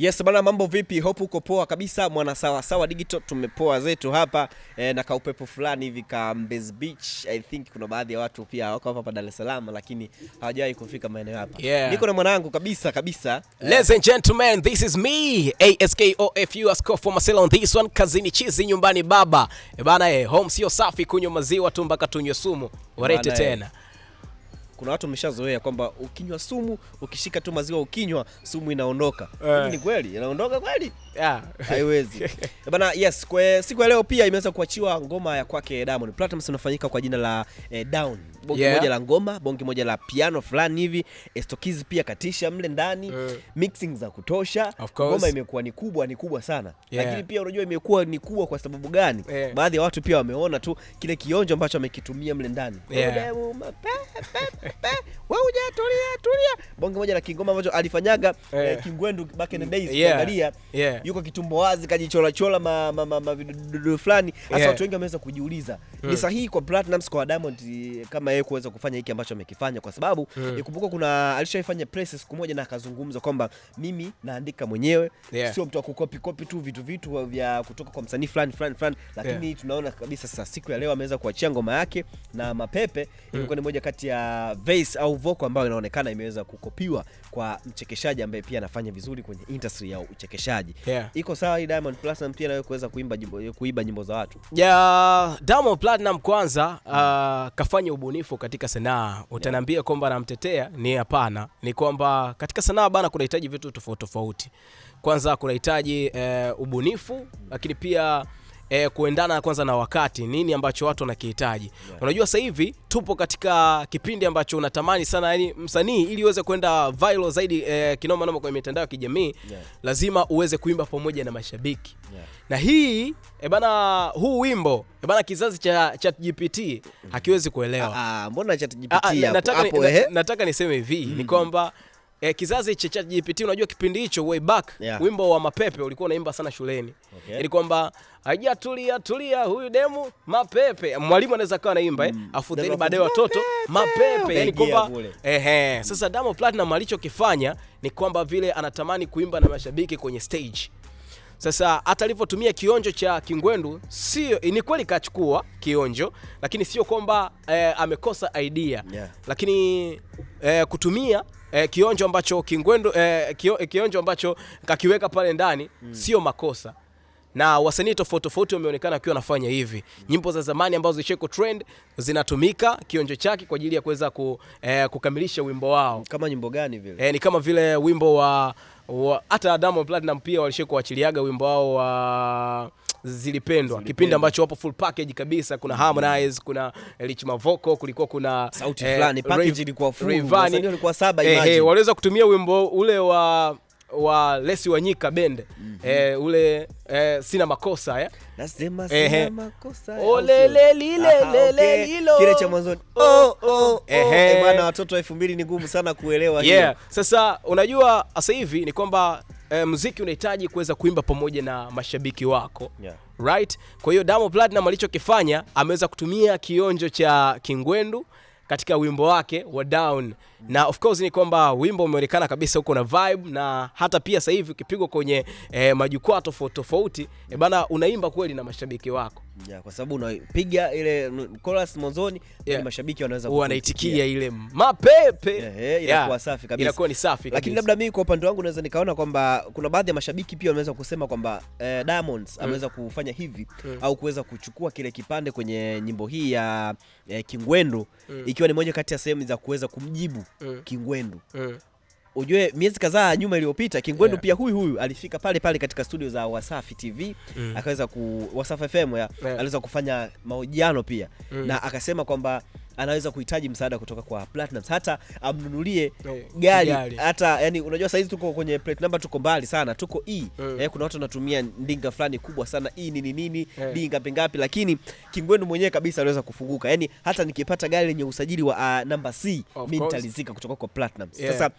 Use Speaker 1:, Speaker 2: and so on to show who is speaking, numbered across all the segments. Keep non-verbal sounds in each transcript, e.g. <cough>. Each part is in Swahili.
Speaker 1: Yes bana, mambo vipi? Hope uko poa kabisa, mwana sawa sawa digital, tumepoa zetu hapa e, na kaupepo fulani hivi ka Mbezi Beach. I think kuna baadhi ya watu pia wako hapa Dar es Salaam, lakini hawajawahi kufika maeneo hapa yeah. Niko na mwanangu kabisa kabisa.
Speaker 2: Eh. Ladies and gentlemen, this is me ASKOFU Askofu Masela on this one, kazini chizi, nyumbani baba. E bana, eh, home sio safi, kunywa maziwa tu mpaka tunywe sumu, warete tena Eh
Speaker 1: kuna watu wameshazoea kwamba ukinywa sumu, ukishika tu maziwa ukinywa sumu inaondoka. Uh, ni kweli inaondoka kweli? Yeah. Haiwezi <laughs> bana. Yes, kwe, siku ya leo pia imeweza kuachiwa ngoma ya kwake Diamond Platnumz inafanyika kwa jina la eh, Down. bongi yeah, moja la ngoma, bongi moja la piano fulani hivi. Estokiz pia katisha mle ndani mm. mixing za kutosha. Ngoma imekuwa ni kubwa, ni kubwa sana yeah. Lakini pia unajua imekuwa ni kubwa kwa sababu gani? Yeah. Baadhi ya watu pia wameona tu kile kionjo ambacho amekitumia mle ndani yeah. Eh, wewe hujatulia tulia. tulia Bonge moja la kingoma ambacho alifanyaga yeah. Eh, eh Kingwendu back in the days yeah. Angalia yeah. Yuko kitumbo wazi kajichola chola ma, ma, ma, ma vidudu fulani hasa yeah. Watu wengi wameweza kujiuliza ni mm. sahihi kwa platinum kwa Diamond eh, kama yeye kuweza kufanya hiki ambacho amekifanya, kwa sababu mm. Ikumbuka kuna alishaifanya press siku moja na akazungumza kwamba mimi naandika mwenyewe yeah. Sio mtu wa kukopi kopi tu vitu vitu vya kutoka kwa msanii fulani fulani fulani, lakini yeah. Tunaona kabisa sasa siku ya leo ameweza kuachia ngoma yake na mapepe mm. Ilikuwa ni moja kati ya vase au voko ambayo inaonekana imeweza kukopiwa kwa mchekeshaji ambaye pia anafanya vizuri kwenye industry ya uchekeshaji yeah. Iko sawa hii Diamond Platinum pia nayo kuweza kuimba kuiba nyimbo za watu
Speaker 2: yeah, Diamond Platinum kwanza uh, kafanya ubunifu katika sanaa utanaambia yeah. kwamba anamtetea ni hapana, ni kwamba katika sanaa bana kunahitaji vitu tofauti tofauti. Kwanza kunahitaji uh, ubunifu lakini pia eh, kuendana kwanza na wakati, nini ambacho watu wanakihitaji yeah. Unajua sasa hivi tupo katika kipindi ambacho unatamani sana, yani msanii ili uweze kwenda viral zaidi eh, kinoma noma kwenye mitandao ya kijamii yeah. Lazima uweze kuimba pamoja na mashabiki yeah. Na hii e bana, huu wimbo e bana, kizazi cha ChatGPT mm-hmm. hakiwezi kuelewa.
Speaker 1: Ah, ah, mbona ah, eh?
Speaker 2: Nataka niseme hivi mm ni mm-hmm. kwamba E, kizazi cha ChatGPT unajua kipindi hicho way back yeah. Wimbo wa mapepe ulikuwa unaimba sana shuleni okay. Ili kwamba haija tulia tulia huyu demu mapepe, mwalimu anaweza kawa anaimba eh, mm. eh, afu then baadaye watoto mapepe, yani kwamba ehe eh. Sasa Diamond Platnumz alichokifanya ni kwamba vile anatamani kuimba na mashabiki kwenye stage sasa hata alivyotumia kionjo cha Kingwendu sio, ni kweli kachukua kionjo, lakini sio kwamba eh, amekosa idea yeah. Lakini eh, kutumia eh, kionjo ambacho kingwendo eh, eh, kionjo ambacho kakiweka pale ndani mm. sio makosa na wasanii tofauti tofauti wameonekana wakiwa wanafanya hivi. Nyimbo za zamani ambazo zilisheko trend zinatumika kionjo chake kwa ajili ya kuweza ku, eh, kukamilisha wimbo wao.
Speaker 1: Kama nyimbo gani vile?
Speaker 2: Eh, ni kama vile wimbo wa hata Diamond Platnumz pia walisheko kuachiliaga wimbo wao wa zilipendwa kipindi ambacho wapo full package kabisa, kuna Harmonize, kuna eh, Rich Mavoko, kulikuwa kuna
Speaker 1: sauti eh, fulani, package ilikuwa full, ilikuwa saba, eh, imagine
Speaker 2: eh, waliweza kutumia wimbo ule wa wa Lesi Wanyika bende mm -hmm. Eh, ule eh, sina makosa ya eh.
Speaker 1: nasema sina eh, makosa
Speaker 2: ole oh, le lile le hilo
Speaker 1: okay. Kile cha mwanzo oh oh, oh oh oh. eh, eh, bwana watoto 2000 ni ngumu sana kuelewa
Speaker 2: yeah. hiyo Sasa unajua sasa hivi ni kwamba eh, muziki unahitaji kuweza kuimba pamoja na mashabiki wako yeah. Right? Kwa hiyo Diamond Platnumz alichokifanya ameweza kutumia kionjo cha Kingwendu katika wimbo wake wa Down na of course ni kwamba wimbo umeonekana kabisa huko na vibe, na hata pia sasa hivi ukipigwa kwenye eh, majukwaa tofauti tofauti eh, bana unaimba kweli na mashabiki wako
Speaker 1: yeah, kwa sababu unapiga ile chorus mwanzoni yeah. Mashabiki wanaweza
Speaker 2: wanaitikia ile mapepe
Speaker 1: yeah, yeah, inakuwa yeah. Safi kabisa,
Speaker 2: inakuwa ni safi,
Speaker 1: lakini labda mimi kwa upande wangu naweza nikaona kwamba kuna baadhi ya mashabiki pia wanaweza kusema kwamba eh, Diamonds mm. ameweza kufanya hivi mm. au kuweza kuchukua kile kipande kwenye nyimbo hii ya eh, Kingwendo mm. ikiwa ni moja kati ya sehemu za kuweza kumjibu mm. Kingwendu mm. Ujue miezi kadhaa nyuma iliyopita Kingwendu yeah. pia huyu huyu alifika pale pale katika studio za Wasafi TV mm. Eh. akaweza ku Wasafi FM yeah. aliweza kufanya mahojiano pia mm. na akasema kwamba anaweza kuhitaji msaada kutoka kwa Platinum, hata amnunulie eh, gari hata yani, unajua saizi tuko kwenye plate number, tuko mbali sana, tuko E Eh, eh kuna watu wanatumia ndinga fulani kubwa sana E nini nini hey. Eh. D ngapi lakini Kingwendu mwenyewe kabisa anaweza kufunguka, yani hata nikipata gari lenye usajili wa uh, ah, namba C mimi nitalizika kutoka kwa Platinum yeah. Sasa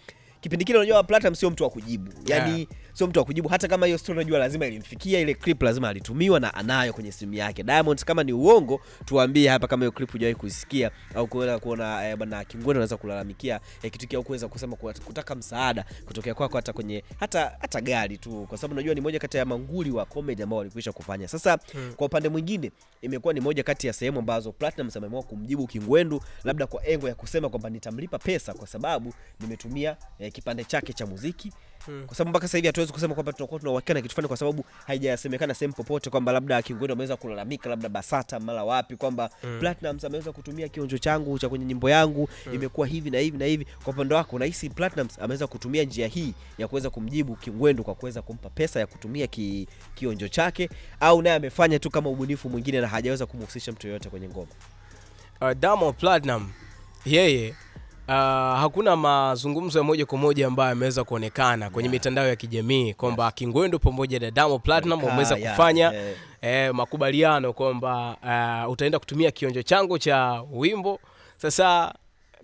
Speaker 1: kipindi kile unajua Platinum sio mtu wa kujibu yani yeah sio mtu wa kujibu, hata kama hiyo story unajua lazima ilimfikia, ile clip lazima alitumiwa na anayo kwenye simu yake. Diamond, kama ni uongo tuambie hapa, kama hiyo clip hujawahi kusikia au kuona kuona, eh, bwana Kingwendo anaweza kulalamikia eh, kitu au kuweza kusema kutaka msaada kutokea kwako, hata kwenye hata hata gari tu, kwa sababu unajua ni moja kati ya manguli wa comedy ambao walikwisha kufanya. Sasa hmm. kwa upande mwingine imekuwa ni moja kati ya sehemu ambazo Platinum ameamua kumjibu Kingwendu, labda kwa engo ya kusema kwamba nitamlipa pesa kwa sababu nimetumia eh, kipande chake cha muziki Hmm. Kwa sababu mpaka sasa hivi hatuwezi kusema kwamba tunakuwa tuna na kitu fulani kwa sababu haijasemekana sehemu popote kwamba labda kiongozi ameweza kulalamika labda Basata mara wapi kwamba mm. Platinum ameweza kutumia kionjo changu cha kwenye nyimbo yangu mm. imekuwa hivi na hivi na hivi. Kwa upande wako unahisi Platinum ameweza kutumia njia hii ya kuweza kumjibu Kingwendu kwa kuweza kumpa pesa ya kutumia ki, kionjo chake au naye amefanya tu kama ubunifu mwingine na hajaweza kumhusisha mtu yoyote kwenye ngoma?
Speaker 2: Uh, Diamond Platinum yeye yeah, yeah. Uh, hakuna mazungumzo ya moja kwa moja ambayo yameweza kuonekana kwenye yeah. mitandao ya kijamii kwamba yes. Kingwendu pamoja na Diamond Platnumz wameweza kufanya yeah, yeah. Eh, makubaliano kwamba uh, utaenda kutumia kionjo changu cha wimbo. Sasa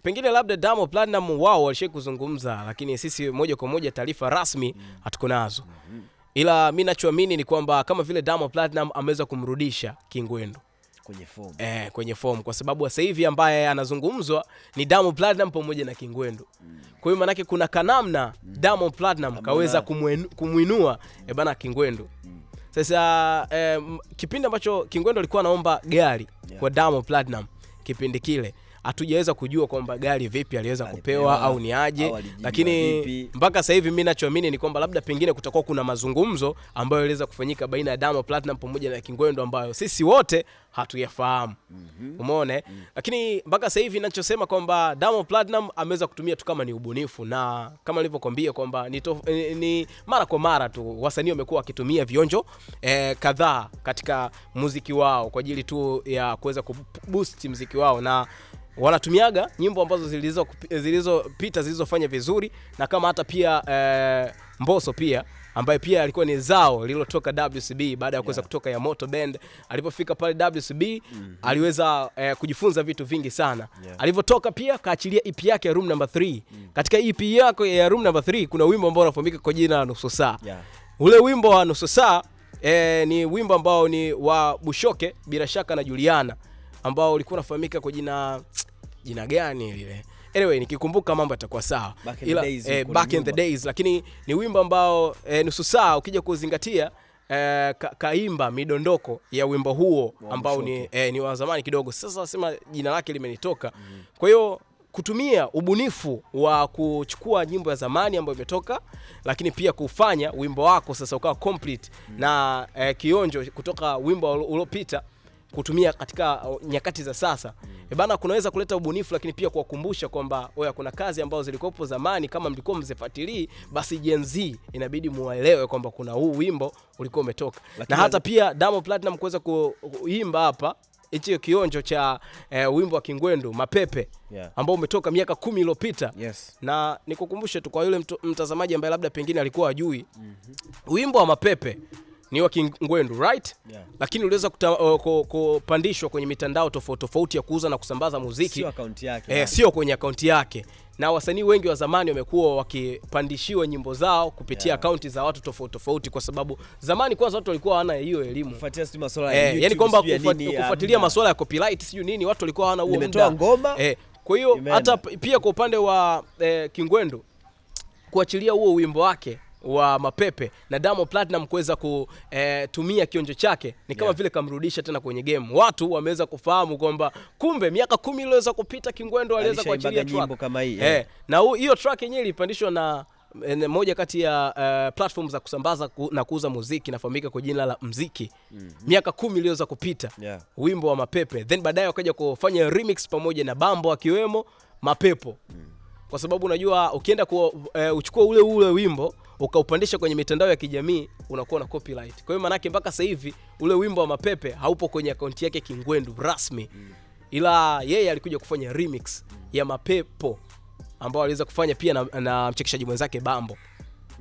Speaker 2: pengine labda Diamond Platnumz wao walishai kuzungumza, lakini sisi moja kwa moja taarifa rasmi mm. hatuko nazo, mm -hmm. ila mi nachoamini ni kwamba kama vile Diamond Platnumz ameweza kumrudisha Kingwendu kwenye form. Eh, kwenye form kwa sababu sasa hivi ambaye anazungumzwa ni Diamond Platinum pamoja na Kingwendu. Mm. Kwa hiyo manake kuna kanamna mm. Diamond Platinum kaweza kumwinua mm. bana Kingwendu. Mm. Sasa eh, kipindi ambacho Kingwendu alikuwa anaomba gari yeah. kwa Diamond Platinum kipindi kile hatujaweza kujua kwamba gari vipi aliweza kupewa au ni aje, lakini vipi. mpaka sasa hivi mimi ninachoamini ni kwamba labda pengine kutakuwa kuna mazungumzo ambayo yaliweza kufanyika baina ya Diamond Platinum pamoja na Kingwendo ambayo sisi wote hatuyafahamu. mm -hmm. Umeona? mm -hmm. Lakini mpaka sasa hivi ninachosema kwamba Diamond Platinum ameweza kutumia tu kama ni ubunifu na kama nilivyokuambia kwamba ni, ni mara kwa mara tu wasanii wamekuwa wakitumia vionjo eh, kadhaa katika muziki wao kwa ajili tu ya kuweza kuboost muziki wao na wanatumiaga nyimbo ambazo zilizopita zilizo zilizofanya vizuri, na kama hata pia e, eh, mboso pia ambaye pia alikuwa ni zao lililotoka WCB baada ya kuweza yeah, kutoka ya Moto Band. Alipofika pale WCB mm -hmm. aliweza eh, kujifunza vitu vingi sana yeah. Alivyotoka pia kaachilia EP yake ya Room Number 3 mm. Katika EP yako ya Room Number 3 kuna wimbo ambao unafahamika kwa jina la Nusu Saa yeah. Ule wimbo wa Nusu Saa eh, ni wimbo ambao ni wa Bushoke bila shaka na Juliana ambao ulikuwa unafahamika kwa jina jina gani lile anyway nikikumbuka mambo yatakuwa sawa
Speaker 1: back in, Ila, the, days,
Speaker 2: eh, back in the days lakini ni wimbo ambao eh, nusu saa ukija kuzingatia eh, ka, kaimba midondoko ya wimbo huo ambao ni, eh, ni wa zamani kidogo sasa nasema jina lake limenitoka mm. hmm kwa hiyo kutumia ubunifu wa kuchukua nyimbo ya zamani ambayo imetoka lakini pia kufanya wimbo wako sasa ukawa complete mm. hmm na eh, kionjo kutoka wimbo ulopita ul kutumia katika uh, nyakati za sasa mm. e bana, kunaweza kuleta ubunifu, lakini pia kuwakumbusha kwamba oya, kuna kazi ambazo zilikuwepo zamani. Kama mlikuwa mzifuatilii, basi Gen Z inabidi muwaelewe kwamba kuna huu wimbo ulikuwa umetoka lakini, na hata pia Diamond Platnumz kuweza kuimba hapa hicho kionjo cha eh, wimbo wa Kingwendu Mapepe yeah, ambao umetoka miaka kumi iliyopita yes. Na nikukumbushe tu kwa yule mtazamaji ambaye labda pengine alikuwa ajui mm -hmm. Wimbo wa Mapepe ni wa Kingwendu right? Yeah. Lakini uliweza uh, kupandishwa kwenye mitandao tofauti tofauti ya kuuza na kusambaza muziki,
Speaker 1: sio akaunti yake
Speaker 2: eh, sio kwenye akaunti yake, na wasanii wengi wa zamani wamekuwa wakipandishiwa nyimbo zao kupitia yeah, akaunti za watu tofauti tofauti, kwa sababu zamani kwanza watu walikuwa hawana hiyo elimu ya eh, yani kwamba kufuatilia masuala ya copyright siyo nini, watu walikuwa hawana huo
Speaker 1: muda ngoma
Speaker 2: eh, kwa hiyo hata pia kwa upande wa eh, Kingwendu kuachilia huo wimbo wake wa mapepe na damo Platinum kuweza kutumia eh, kionjo chake ni kama yeah, vile kamrudisha tena kwenye game. Watu wameweza kufahamu kwamba kumbe miaka kumi iliweza kupita kingwendo aliweza kuachilia track kama hii eh, yeah, na hiyo track yenyewe ilipandishwa na eh, moja kati ya uh, eh, platform za kusambaza ku, na kuuza muziki nafahamika kwa jina la Mziki. mm -hmm. Miaka kumi iliyoweza kupita yeah. Wimbo wa Mapepe, then baadaye wakaja kufanya remix pamoja na Bambo akiwemo Mapepo. mm. Kwa sababu unajua ukienda ku, uh, uchukua ule ule wimbo ukaupandisha kwenye mitandao ya kijamii unakuwa na copyright. Kwa hiyo maanake mpaka sasa hivi ule wimbo wa Mapepe haupo kwenye akaunti yake Kingwendu rasmi, ila yeye alikuja kufanya remix ya Mapepo ambao aliweza kufanya pia na, na mchekeshaji mwenzake Bambo.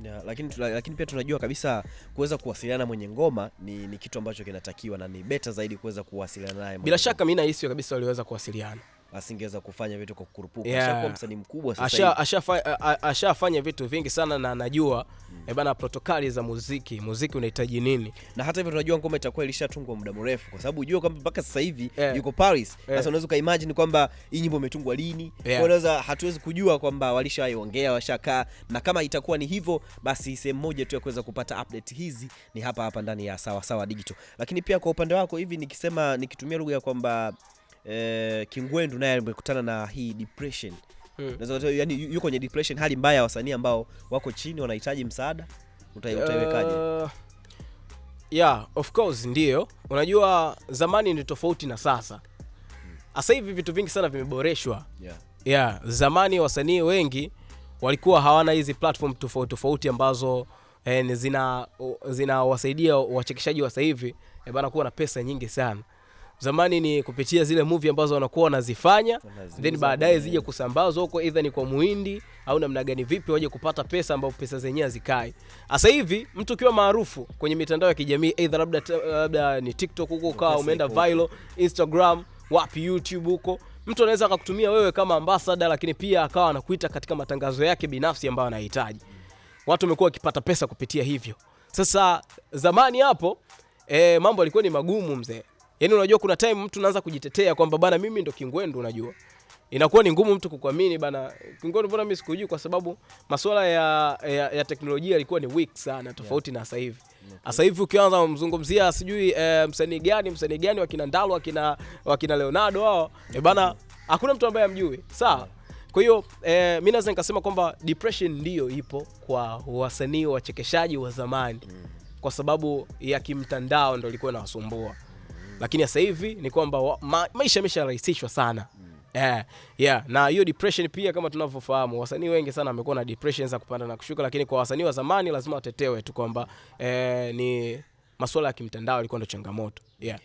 Speaker 1: Ya, lakini, lakini pia tunajua kabisa kuweza kuwasiliana mwenye ngoma ni, ni kitu ambacho kinatakiwa na ni beta zaidi kuweza kuwasiliana naye.
Speaker 2: Bila shaka mimi nahisi kabisa waliweza kuwasiliana
Speaker 1: asingeweza kufanya vitu kwa kukurupuka. Yeah. Ashakuwa msanii mkubwa
Speaker 2: sasa Ashafanya asha vitu vingi sana na anajua mm. E bana, protokali za muziki, muziki unahitaji nini,
Speaker 1: na hata hivyo tunajua ngoma itakuwa ilishatungwa muda mrefu, kwa sababu unajua kwamba mpaka sasa hivi yeah. yuko Paris sasa yeah. unaweza ukaimagine kwamba hii nyimbo imetungwa lini yeah. unaweza hatuwezi kujua kwamba walishaiongea washakaa, na kama itakuwa ni hivyo, basi sehemu moja tu ya kuweza kupata update hizi ni hapa hapa ndani ya Sawasawa Digital. Lakini pia kwa upande wako hivi, nikisema nikitumia lugha ya kwamba Eh, Kingwendu naye amekutana na hii depression hmm. Nazo, yani, yuko kwenye depression, hali mbaya ya wasanii ambao wako chini wanahitaji msaada, eh, utaiwekaje? Uh,
Speaker 2: yeah, of course ndio, unajua zamani ni tofauti na sasa. Sasa hivi vitu vingi sana vimeboreshwa yeah. Yeah, zamani wasanii wengi walikuwa hawana hizi platform tofauti tofauti ambazo zinawasaidia eh, zina wachekeshaji wa sasa hivi bana kuwa na pesa nyingi sana zamani ni kupitia zile movie ambazo wanakuwa wanazifanya then baadaye zije kusambazwa huko, either ni kwa muhindi au namna gani, vipi waje kupata pesa ambapo pesa zenyewe zikai. Sasa hivi mtu ukiwa maarufu kwenye mitandao ya kijamii either labda labda ni TikTok huko, ukawa umeenda viral, Instagram, wapi, YouTube huko mtu anaweza akakutumia wewe kama ambasada, lakini pia akawa anakuita katika matangazo yake binafsi ambayo anahitaji. Watu wamekuwa wakipata pesa kupitia hivyo. Sasa zamani hapo e, mambo yalikuwa ni magumu mzee, Yaani unajua kuna time mtu anaanza kujitetea kwamba bana mimi ndo kingwendu unajua. Inakuwa ni ngumu mtu kukuamini bana. Kingwendu mbona mimi sikujui kwa sababu masuala ya, ya, ya teknolojia yalikuwa ni weak sana tofauti yeah, na sasa hivi. Okay. Sasa hivi ukianza mzungumzia sijui e, msanii gani msanii gani wa kina Ndalo wa kina Leonardo hao e bana hakuna mtu ambaye amjui. Sawa. Kwa hiyo e, mimi naweza nikasema kwamba depression ndiyo ipo kwa wasanii wachekeshaji wa zamani mm. kwa sababu ya kimtandao ndo ilikuwa inawasumbua lakini sasa hivi ni kwamba ma, maisha yamesharahisishwa sana Yeah, yeah. Na hiyo depression pia kama tunavyofahamu wasanii wengi sana wamekuwa na depression za kupanda na kushuka, lakini kwa wasanii wa zamani lazima watetewe tu kwamba eh, ni masuala ya kimtandao ilikuwa ndo changamoto yeah.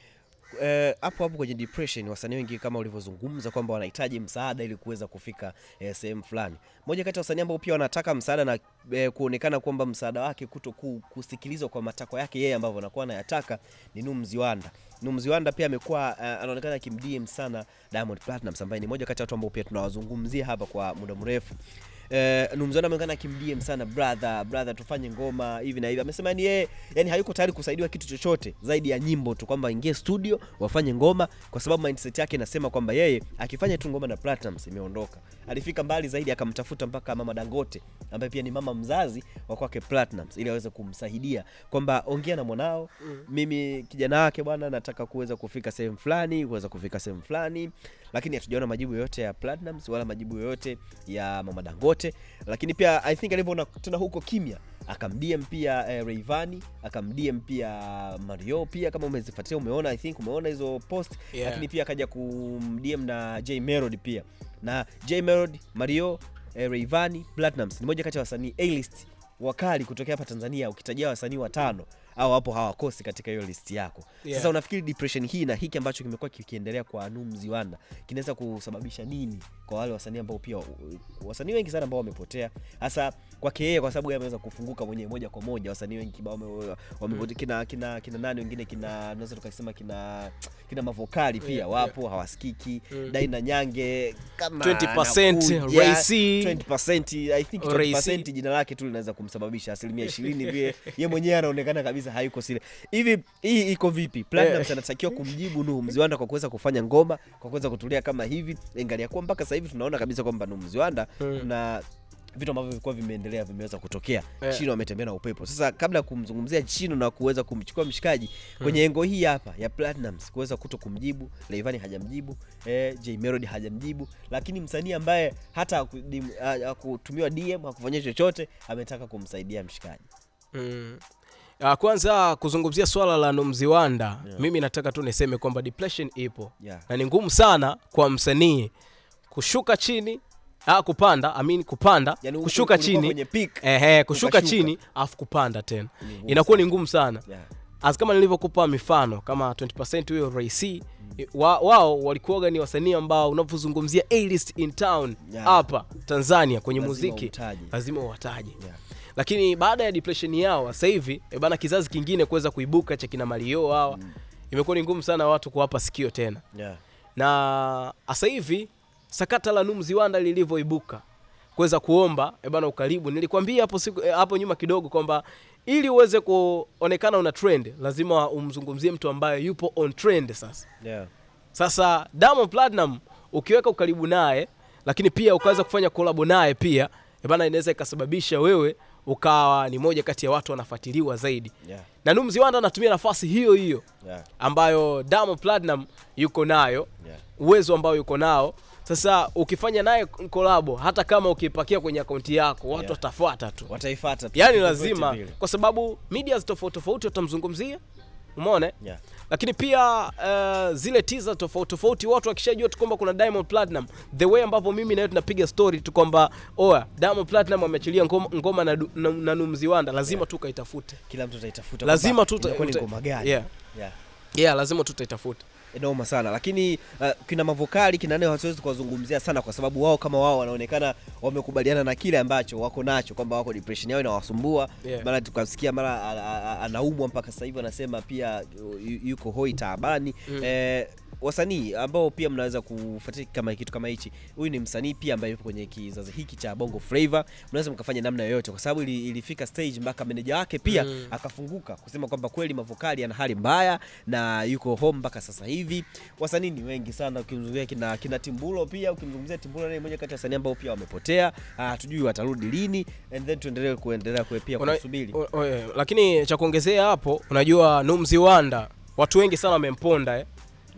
Speaker 1: Eh, hapo hapo kwenye depression, wasanii wengi kama ulivyozungumza kwamba wanahitaji msaada ili kuweza kufika eh, sehemu fulani. Moja kati ya wasanii ambao pia wanataka msaada na eh, kuonekana kwamba msaada wake kuto kusikilizwa kwa matakwa yake yeye ambavyo anakuwa anayataka ni Nuh Mziwanda. Nuh Mziwanda pia amekuwa eh, anaonekana akimdm sana Diamond Platnumz ambaye ni moja kati ya watu ambao pia tunawazungumzia hapa kwa muda mrefu eh, Numzona ameungana kimdm sana brother, brother tufanye ngoma hivi na hivi. Amesema yani yeye yani hayuko tayari kusaidiwa kitu chochote zaidi ya nyimbo tu, kwamba ingie studio wafanye ngoma, kwa sababu mindset yake inasema kwamba yeye akifanya tu ngoma na Platinum imeondoka. Alifika mbali zaidi akamtafuta mpaka mama Dangote ambaye pia ni mama mzazi wa kwake Platinum ili aweze kumsaidia kwamba ongea na mwanao mm. Mimi kijana wake bwana, nataka kuweza kufika sehemu fulani, kuweza kufika sehemu fulani lakini hatujaona majibu yoyote ya Platinum wala majibu yoyote ya Mama Dangote, lakini pia I think alivyoona tena huko kimya akamdm pia eh, Rayvanny akamdm pia Mario pia, kama umezifuatia umeona, I think umeona hizo post yeah. Lakini pia akaja kumdm na Jay Melody pia na Jay Melody, Mario eh, Rayvanny, Platinum ni moja kati ya wasanii A-list wakali kutokea hapa Tanzania, ukitajia wasanii watano au hapo hawakosi katika hiyo listi yako yeah. Sasa unafikiri depression hii na hiki ambacho kimekuwa kikiendelea kwa Anu Mziwanda kinaweza kusababisha nini kwa wale wasanii ambao pia wasanii wengi sana ambao wamepotea, hasa kwake yeye, kwa sababu yeye ameweza kufunguka mwenyewe moja kwa moja. Wasanii wengi kibao wamepotea, kina kina kina nani wengine, kina naweza tukasema kina kina mavokali pia yeah, wapo yeah. hawasikiki mm. Daina Nyange
Speaker 2: kama 20% Raisi
Speaker 1: 20% I think 20% jina lake tu linaweza kumsababisha asilimia 20 vile yeye mwenyewe anaonekana kabisa kabisa hayuko sile. Hivi hii iko vipi? Platinum eh. anatakiwa kumjibu Nuhu Mziwanda kwa kuweza kufanya ngoma, kwa kuweza kutulia kama hivi, ingalia eh, kuwa mpaka sasa hivi tunaona kabisa kwamba Nuhu Mziwanda hmm. na vitu ambavyo vilikuwa vimeendelea vimeweza kutokea yeah. Chino ametembea na upepo sasa. Kabla ya kumzungumzia Chino na kuweza kumchukua mshikaji hmm. kwenye engo hii hapa ya Platinums kuweza kuto kumjibu leivani hajamjibu eh, j Melody hajamjibu, lakini msanii ambaye hata akutumiwa DM akufanyia chochote ametaka kumsaidia mshikaji
Speaker 2: mm. Ah, kwanza kuzungumzia swala la Nomziwanda yeah. Mimi nataka tu niseme kwamba depression ipo yeah. Na ni ngumu sana kwa msanii kushuka chini ah, kupanda I mean kupanda yani, kushuka chini peak, ehe, kushuka chini afu kupanda tena inakuwa ni ngumu sana yeah. As kama nilivyokupa mifano kama 20% huyo Ray C Eh, wa, wao walikuwaga ni wasanii ambao unapozungumzia A list in town hapa yeah. Tanzania kwenye lazima muziki lazima uwataje yeah. Lakini baada ya depression yao sasa hivi e bana, kizazi kingine kuweza kuibuka cha kina Mario hawa mm. Imekuwa ni ngumu sana watu kuwapa sikio tena yeah. Na sasa hivi sakata la Numzi Wanda lilivyoibuka kuweza kuomba e bana ukaribu, nilikwambia hapo siku hapo nyuma kidogo kwamba ili uweze kuonekana una trend lazima umzungumzie mtu ambaye yupo on trend sasa. Yeah. Sasa Diamond Platinum ukiweka ukaribu naye, lakini pia ukaweza kufanya kolabo naye pia bana, inaweza ikasababisha wewe ukawa ni moja kati ya watu wanafuatiliwa zaidi. Yeah. Na numziwanda anatumia nafasi hiyo hiyo, yeah, ambayo Diamond Platinum yuko nayo, yeah, uwezo ambao yuko nao sasa ukifanya naye kolabo, hata kama ukipakia kwenye akaunti yako watu watafuata tu
Speaker 1: wataifuata tu,
Speaker 2: yani lazima, kwa sababu media tofauti tofauti watamzungumzia, umeona yeah. Lakini pia uh, zile teaser tofauti tofauti watu wakishajua tu kwamba kuna Diamond Platinum, the way ambavyo mimi na wewe tunapiga story tu kwamba oya, Diamond Platinum ameachilia ngoma, ngoma na, na, na Numzi Wanda, lazima yeah, tu kaitafute,
Speaker 1: kila mtu ataitafuta, lazima tu ngoma gani
Speaker 2: yeah, yeah, yeah, lazima tu taitafuta
Speaker 1: noma sana lakini uh, kina Mavokali kina Neo hasiwezi kuwazungumzia sana kwa sababu wao kama wao wanaonekana wamekubaliana na kile ambacho wako nacho kwamba wako depression yao inawasumbua yeah. Mara tukasikia mara anaumwa mpaka sasa hivi anasema pia yuko hoi taabani mm. eh, wasanii ambao pia mnaweza kufuatilia kama kitu kama hichi. Huyu ni msanii pia ambaye yupo kwenye kizazi hiki cha Bongo Flava, mnaweza mkafanya namna yoyote, kwa sababu ilifika stage mpaka meneja wake pia mm. akafunguka kusema kwamba kweli Mavokali ana hali mbaya na yuko home mpaka sasa hivi. Wasanii ni wengi sana, ukimzungumzia kina, kina Timbulo pia, ukimzungumzia Timbulo naye mmoja kati ya wasanii ambao pia wamepotea, ah, hatujui watarudi lini, and then tuendelee kuendelea kwa pia kusubiri,
Speaker 2: lakini cha kuongezea hapo, unajua Numzi Wanda watu wengi sana wamemponda eh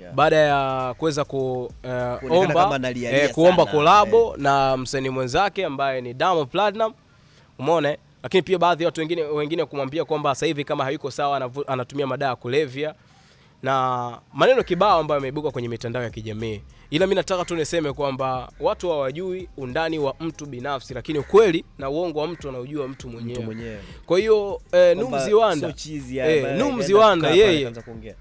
Speaker 2: yeah. Baada ya kuweza eh, eh, kuomba eh, kuomba kolabo eh, na msanii mwenzake ambaye ni Diamond Platinum umeona, lakini pia baadhi ya watu wengine wengine kumwambia kwamba sasa hivi kama hayuko sawa, anatumia madawa ya kulevya na maneno kibao ambayo yameibuka kwenye mitandao ya kijamii. Ila mi nataka tu niseme kwamba watu hawajui undani wa mtu binafsi, lakini ukweli na uongo wa mtu anaujua mtu
Speaker 1: mwenyewe.
Speaker 2: Kwa hiyo eh, Numzi Wanda, eh, Numzi Wanda yeye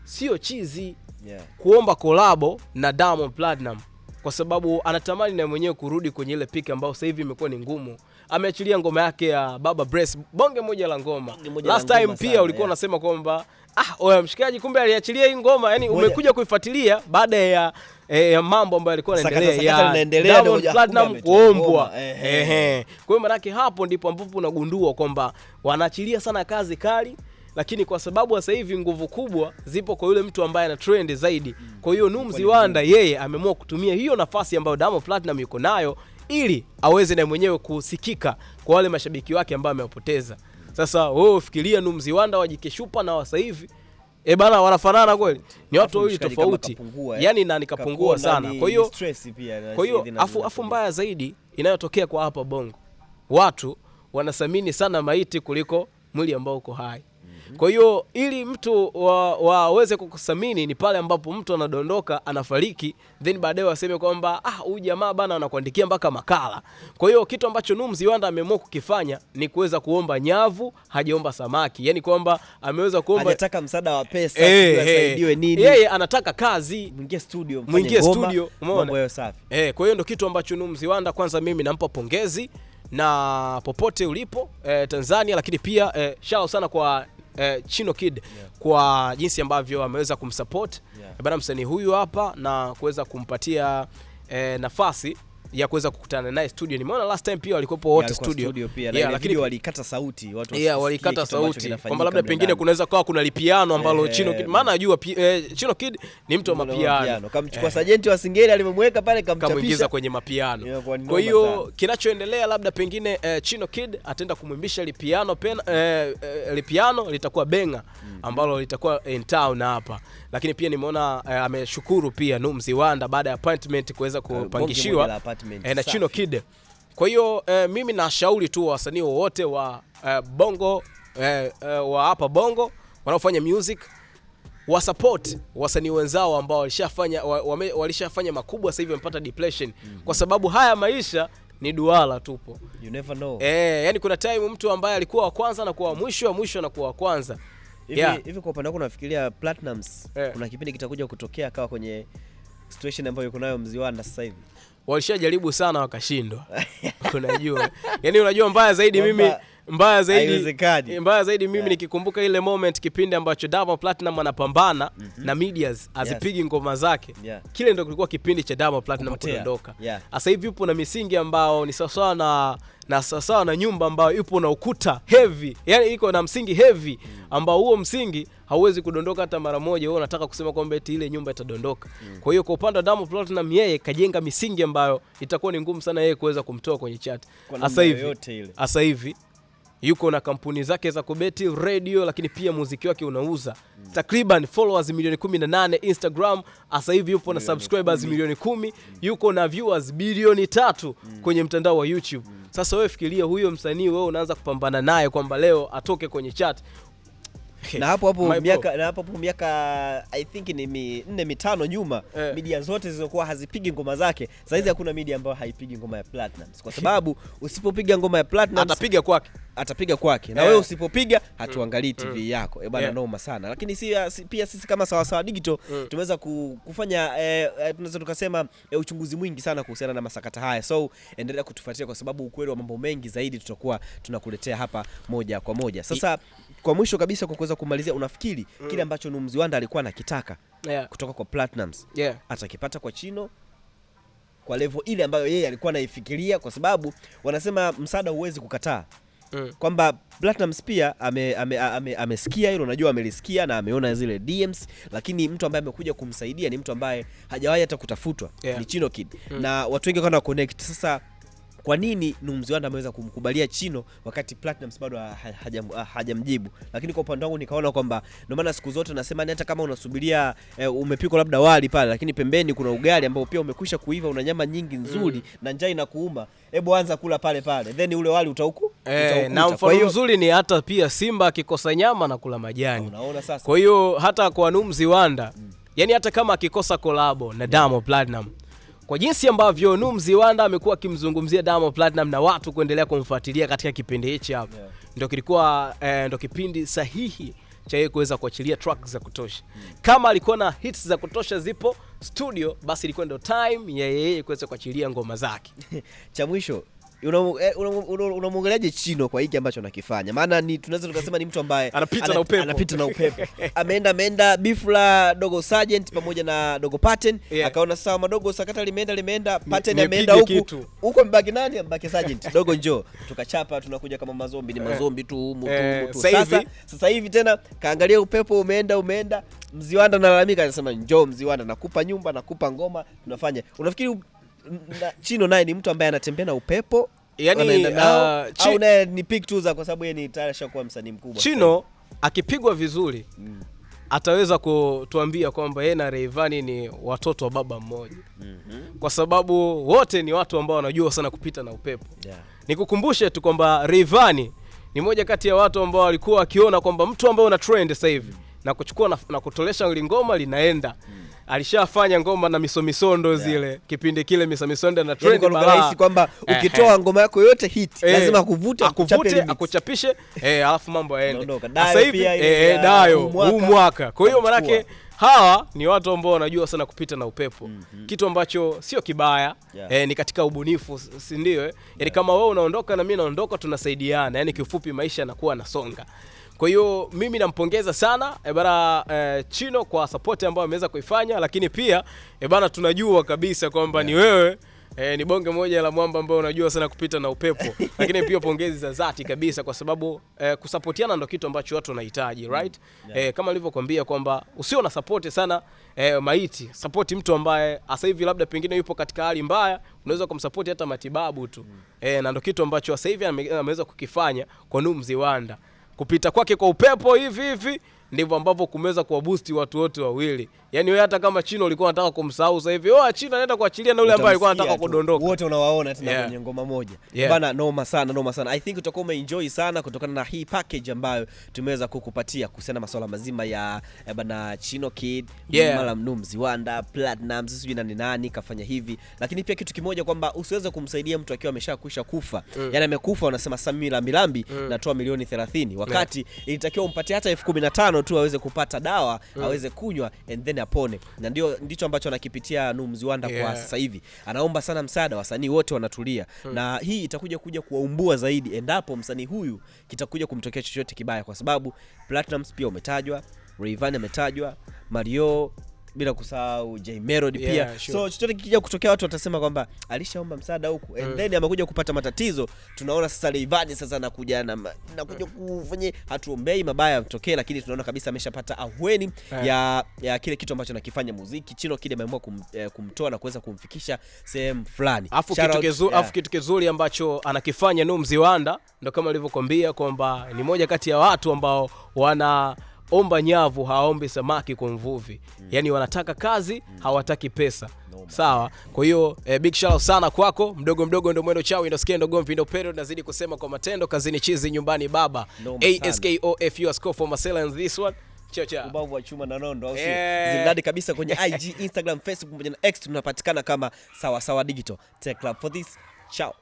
Speaker 2: sio chizi eh, yeah. kuomba kolabo na Diamond Platinum kwa sababu anatamani naye mwenyewe kurudi kwenye ile piki ambayo sasa hivi imekuwa ni ngumu. Ameachilia ngoma yake ya Baba Brace, bonge moja la ngoma. Last time pia ulikuwa yeah, unasema kwamba ah, oya mshikaji, kumbe aliachilia hii ngoma yani, umekuja kuifuatilia baada ya eh, ya mambo ambayo alikuwa anaendelea ya Diamond Platinum kuombwa. Eh, eh, ehe. Eh. Kwa hiyo maanake hapo ndipo ambapo unagundua kwamba wanaachilia sana kazi kali lakini kwa sababu sasa hivi nguvu kubwa zipo kwa yule mtu ambaye ana trend zaidi. Mm. Kwa hiyo Numzi Wanda yeye ameamua kutumia hiyo nafasi ambayo Diamond Platinum yuko nayo ili aweze na mwenyewe kusikika kwa wale mashabiki wake ambao amewapoteza. Sasa wewe fikiria Numzi Wanda wajikeshupa na wasa hivi E bana, wanafanana kweli, ni watu wawili tofauti kapungua, eh. Yani na nikapungua sana. Kwa hiyo kwa hiyo afu, afu mbaya zaidi inayotokea kwa hapa Bongo, watu wanathamini sana maiti kuliko mwili ambao uko hai. Mhm. Kwa hiyo ili mtu waweze wa kukusamini ni pale ambapo mtu anadondoka anafariki, then baadaye waseme kwamba ah, huyu jamaa bana anakuandikia mpaka makala. Kwa hiyo kitu ambacho Nuh Mziwanda ameamua kukifanya ni kuweza kuomba nyavu, hajaomba samaki, yani kwamba ameweza kuomba,
Speaker 1: anataka msaada wa pesa,
Speaker 2: eh, eh. asaidiwe nini, yeye anataka kazi,
Speaker 1: mwingie studio,
Speaker 2: mwingie studio, umeona eh. Kwa hiyo ndo kitu ambacho Nuh Mziwanda, kwanza mimi nampa pongezi na popote ulipo eh, Tanzania, lakini pia eh, shao sana kwa eh, Chino Kid yeah. kwa jinsi ambavyo ameweza kumsupport yeah. bana msanii huyu hapa na kuweza kumpatia eh, nafasi ya kuweza kukutana naye studio. Nimeona last time pia walikuwepo wote studio, studio
Speaker 1: pia, yeah, lakini walikata sauti watu
Speaker 2: yeah, walikata sauti kwamba labda pengine kunaweza kuwa kuna lipiano ambalo eh, Chino Kid maana najua eh, Chino Kid ni mtu wa mapiano,
Speaker 1: kamchukua eh, sajenti wa Singeli alimemweka pale kamuingiza
Speaker 2: kwenye mapiano yeah, kwa hiyo kinachoendelea labda pengine eh, Chino Kid ataenda kumwimbisha lipiano pena, eh, eh, lipiano litakuwa benga mm. ambalo litakuwa in town hapa, lakini pia nimeona eh, ameshukuru pia Numziwanda baada ya appointment kuweza eh, kupangishiwa Eh, na Chino Kid. Kwa hiyo eh, mimi nashauri tu wasanii wowote wa eh, bongo eh, eh, wa hapa bongo wanaofanya music wa support wasanii wenzao ambao walishafanya wa, walishafanya makubwa, sasa hivi wamepata depression mm -hmm. kwa sababu haya maisha ni duala tupo, you never know eh, yani kuna time mtu ambaye alikuwa wa kwanza na kuwa wa mwisho wa mwisho na kuwa wa kwanza hivi yeah.
Speaker 1: Hivi kwa upande wako unafikiria Platinumz eh, kuna kipindi kitakuja kutokea akawa kwenye situation ambayo yuko nayo Mziwanda sasa hivi?
Speaker 2: walishajaribu sana wakashindwa. <laughs> Unajua, yani unajua mbaya zaidi mimi mbaya zaidi mbaya zaidi mimi yeah. Nikikumbuka ile moment kipindi ambacho Diamond Platinum anapambana mm -hmm. na medias azipigi yes. ngoma zake yeah. Kile ndo kilikuwa kipindi cha Diamond Platinum kuondoka sasa yeah. Hivi upo na misingi ambao ni sawasawa na na sawasawa na nyumba ambayo ipo na ukuta heavy, yani iko na msingi heavy ambao huo msingi hauwezi kudondoka hata mara moja. Wewe unataka kusema kwamba eti ile nyumba itadondoka. Kwa hiyo kwa upande wa damu Platinum, yeye kajenga misingi ambayo itakuwa ni ngumu sana yeye kuweza kumtoa kwenye chat. Sasa hivi sasa hivi yuko na kampuni zake za kubeti radio, lakini pia muziki wake unauza mm. takriban followers milioni 18 Instagram. asa hivi yupo na subscribers milioni kumi, yuko na viewers bilioni tatu mm. kwenye mtandao wa YouTube mm. Sasa wewe fikiria huyo msanii, wewe unaanza kupambana naye kwamba leo atoke kwenye chat
Speaker 1: <laughs> na hapo hapo miaka na hapo hapo miaka I think ni minne mitano nyuma eh, media zote zilizokuwa hazipigi ngoma zake saizi eh. hakuna media ambayo haipigi ngoma ya Platinum kwa sababu <laughs> usipopiga ngoma ya Platinum
Speaker 2: atapiga kwake
Speaker 1: atapiga kwake na yeah. Eh. usipopiga mm. hatuangalii mm. yako e eh, bana yeah. Noma sana lakini ah, si, pia sisi kama Sawasawa Digital mm. tumeweza kufanya eh, tunaweza tukasema eh, uchunguzi mwingi sana kuhusiana na masakata haya, so endelea kutufuatia kwa sababu ukweli wa mambo mengi zaidi tutakuwa tunakuletea hapa moja kwa moja. Sasa I, kwa mwisho kabisa kwa kuweza kumalizia, unafikiri mm. kile ambacho Numziwanda alikuwa anakitaka yeah. kutoka kwa Platinums yeah. atakipata kwa Chino kwa levo ile ambayo yeye alikuwa anaifikiria, kwa sababu wanasema msaada huwezi kukataa mm. kwamba Platinums pia amesikia ame, ame, ame hilo, unajua amelisikia na ameona zile DMs, lakini mtu ambaye amekuja kumsaidia ni mtu ambaye hajawahi hata kutafutwa yeah. ni Chino Kid mm. na watu wengi kana connect sasa kwa nini Numziwanda ameweza kumkubalia Chino wakati Platinum bado hajamjibu lakini kwa upande wangu nikaona kwamba ndio maana siku zote nasema hata kama unasubiria e, umepikwa labda wali pale, lakini pembeni kuna ugali ambao pia umekwisha kuiva, una nyama nyingi nzuri mm. na njaa inakuuma, hebu anza kula pale pale, then ule wali utauku
Speaker 2: e, na mfano mzuri ni hata pia Simba akikosa nyama na kula majani. Unaona sasa, kwa hiyo hata kwa Numziwanda mm. yani hata kama akikosa kolabo na yeah. Platinum kwa jinsi ambavyo Nu Mziwanda amekuwa akimzungumzia Diamond Platinum na watu kuendelea kumfuatilia katika kipindi hichi hapo yeah. Ndio kilikuwa eh, ndio kipindi sahihi cha yeye kuweza kuachilia track za kutosha. Kama alikuwa na hits za kutosha zipo studio, basi ilikuwa ndio time ya yeye kuweza kuachilia ngoma zake. <laughs>
Speaker 1: Cha mwisho Eh, unamwongeleaje una, una Chino kwa hiki ambacho anakifanya? Maana ni tunaweza tukasema ni mtu ambaye <laughs>
Speaker 2: anapita na upepo, anapita na upepo.
Speaker 1: <laughs> Ameenda ameenda bifla dogo Sergeant pamoja na dogo pattern yeah. Akaona sawa madogo sakata limeenda limeenda, pattern ameenda huku huko, mbaki nani? Mbaki Sergeant <laughs> dogo, njo tukachapa, tunakuja kama mazombi, ni eh. mazombi tu eh, tu. Sasa sasa hivi tena kaangalia upepo umeenda umeenda, Mziwanda nalalamika, anasema njoo Mziwanda, nakupa nyumba, nakupa ngoma, tunafanya unafikiri na, Chino naye ni mtu ambaye anatembea na upepo yani, na, uh, au naye ni pick tu za kwa sababu yeye ni tayari ashakuwa msanii mkubwa.
Speaker 2: Chino akipigwa vizuri mm. ataweza kutuambia kwamba yeye na reivani ni watoto wa baba mmoja mm -hmm. kwa sababu wote ni watu ambao wanajua sana kupita na upepo yeah. Nikukumbushe tu kwamba reivani ni moja kati ya watu ambao walikuwa wakiona kwamba mtu ambaye una trend sasa hivi mm. na kuchukua na, na kutolesha lingoma linaenda mm alishafanya ngoma na misomisondo zile yeah. Kipindi kile misomisondo na yaani
Speaker 1: trend yani, rahisi kwamba ukitoa ngoma yako yote hit eh, lazima akuvute
Speaker 2: akuvute akuchapishe eh, alafu mambo yaende. Sasa hivi eh, eh, dayo huu mwaka, kwa hiyo manake hawa ni watu ambao wanajua sana kupita na upepo mm -hmm. Kitu ambacho sio kibaya yeah. E, ni katika ubunifu si ndio? Eh? yani yeah. Kama wewe unaondoka na mimi naondoka, tunasaidiana, yani kifupi maisha yanakuwa nasonga. Kwa hiyo mimi nampongeza sana e eh, bana e, eh, Chino kwa support ambayo ameweza kuifanya, lakini pia e eh, bana, tunajua kabisa kwamba yeah. ni wewe E, ni bonge moja la mwamba ambao unajua sana kupita na upepo, <laughs> lakini pia pongezi za dhati kabisa kwa sababu e, kusapotiana ndo kitu ambacho watu wanahitaji right? Mm, yeah. E, kama nilivyokuambia kwamba usio na sapoti sana e, maiti sapoti mtu ambaye sasa hivi labda pengine yupo katika hali mbaya, unaweza kumsapoti hata matibabu tu mm. E, na ndo kitu ambacho sasa hivi ameweza kukifanya kwa Nuh Mziwanda kupita kwake kwa upepo hivi hivi ndivyo ambavyo kumeweza kuwabusti watu wote wawili. Yaani wewe hata kama Chino ulikuwa unataka kumsahau sasa hivi, oh Chino anaenda kuachilia na yule ambaye alikuwa anataka kudondoka.
Speaker 1: Wote unawaona tena kwenye yeah. ngoma moja. Yeah. Bana noma sana, noma sana. I think utakuwa umeenjoy sana kutokana na hii package ambayo tumeweza kukupatia kuhusiana na masuala mazima ya bana Chino Kid, yeah. Mala Mnumzi Wanda, Platinum, sisi nani nani kafanya hivi. Lakini pia kitu kimoja kwamba usiweze kumsaidia mtu akiwa ameshakwisha kufa. Mm. Yaani amekufa wanasema Samira Milambi mm. natoa milioni 30 wakati yeah. ilitakiwa umpatie hata elfu kumi na tano mfano tu aweze kupata dawa mm. aweze kunywa and then apone, na ndio ndicho ambacho anakipitia numziwanda yeah. kwa sasa hivi anaomba sana msaada, wasanii wote wanatulia mm. na hii itakuja kuja kuwaumbua zaidi endapo msanii huyu kitakuja kumtokea chochote kibaya, kwa sababu Platinum pia umetajwa, rayvan ametajwa, Mario bila kusahau j Melody pia yeah, sure. So chochote kikija kutokea watu watasema kwamba alishaomba msaada huku and mm. then amekuja kupata matatizo. Tunaona sasa Rayvanny sasa anakuja na nakuja kufanya, hatuombei mabaya yamtokee, lakini tunaona kabisa ameshapata aweni yeah. ya, ya kile kitu ambacho anakifanya muziki. Chino kile ameamua kum, eh, kumtoa na kuweza kumfikisha sehemu fulani,
Speaker 2: afu kitu kizuri yeah. ambacho anakifanya Nuh Mziwanda ndo kama alivyokwambia kwamba ni moja kati ya watu ambao wana omba nyavu hawaombi samaki kwa mvuvi mm. Yani wanataka kazi mm. hawataki pesa no, sawa. Kwa hiyo eh, big shout sana kwako mdogo mdogo, ndo mwendo chawi, ndo skia, ndo ndo pedo, nazidi kusema kwa matendo, kazini chizi, nyumbani baba no, askofu askofu Marcella and this one
Speaker 1: ubavu wa chuma na nondo au yeah. Zinadi kabisa kwenye <laughs> IG, Instagram, Facebook pamoja na X tunapatikana kama sawasawa digital. Take club for this. chao